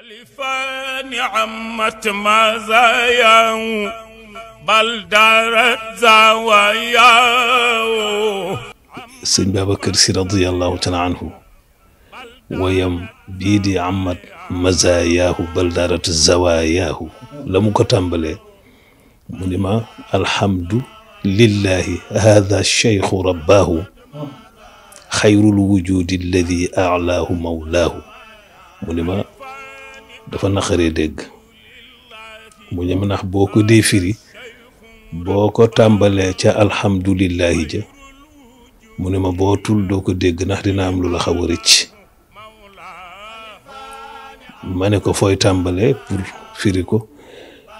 خليفة نعمة مزايا بل دارت زوايا سيدنا ابو بكر رضي الله تعالى عنه ويم بيدي عمت مزاياه بل دارت زواياه لم كتنبلي منما الحمد لله هذا الشيخ رباه خير الوجود الذي أعلاه مولاه منما dafa naqaree dégg mu ñam ndax boo ko dee firi boo ko tàmbalee ca alhamdulillahi ja mu ne ma bootul doo ko dégg ndax dina am lu la xaw a rëcc ma ne ko fooy tàmbalee pour firi ko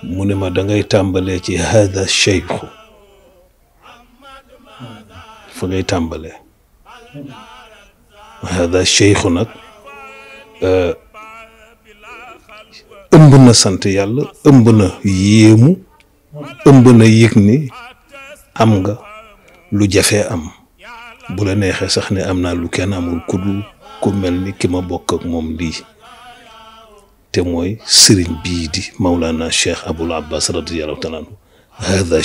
mu ne ma dangay tàmbalee ci hada cheikhu fa ngay hada cheikhu nag euh, ëmb na sant yàlla ëmb na yéemu ëmb na yëg ni am nga lu jafe am bu la neexee sax ne am na lu kenn amul kuddu ku mel ni ki ma bokk ak moom lii te mooy sëriñ bii di Maulana Cheikh Abul Abbas radiyallahu taala anhu hada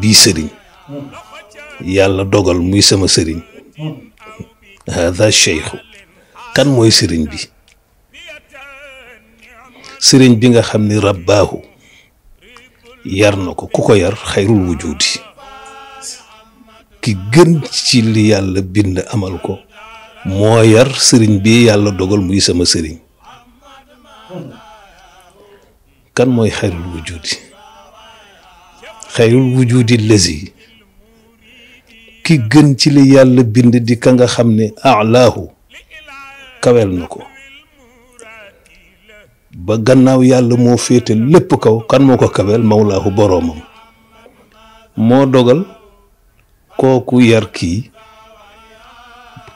bii sëriñ hmm. yàlla dogal muy sama sëriñ hmm. hada cheikh kan mooy sëriñ bi sëriñ bi nga xam ni rabbaahu yar na ko ku ko yar xayrul wujudi ki gën ci li yàlla bind amal ko moo yar sëriñ bi yàlla dogal muy sama sëriñ kan mooy xayrul wujudi xayrul wujudi lesi ki gën ci li yàlla bind di ka nga xam ne alaahu kaweel na ko ba gannaaw yàlla moo féete lépp kaw kan moo ko kaweel mawlaahu boroomam moo dogal kooku yar kii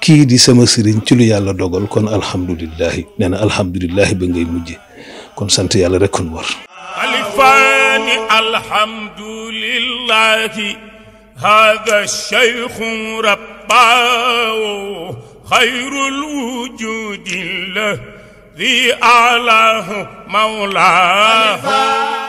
kii di sama sëriñ ci lu yàlla dogal kon alhamdulillahi nee alhamdulillahi ba ngay mujje kon sant yàlla rek war alifaani alhamdulillahi hada cheikhu rabbaawo خير الوجود له ذي أعلاه مولاه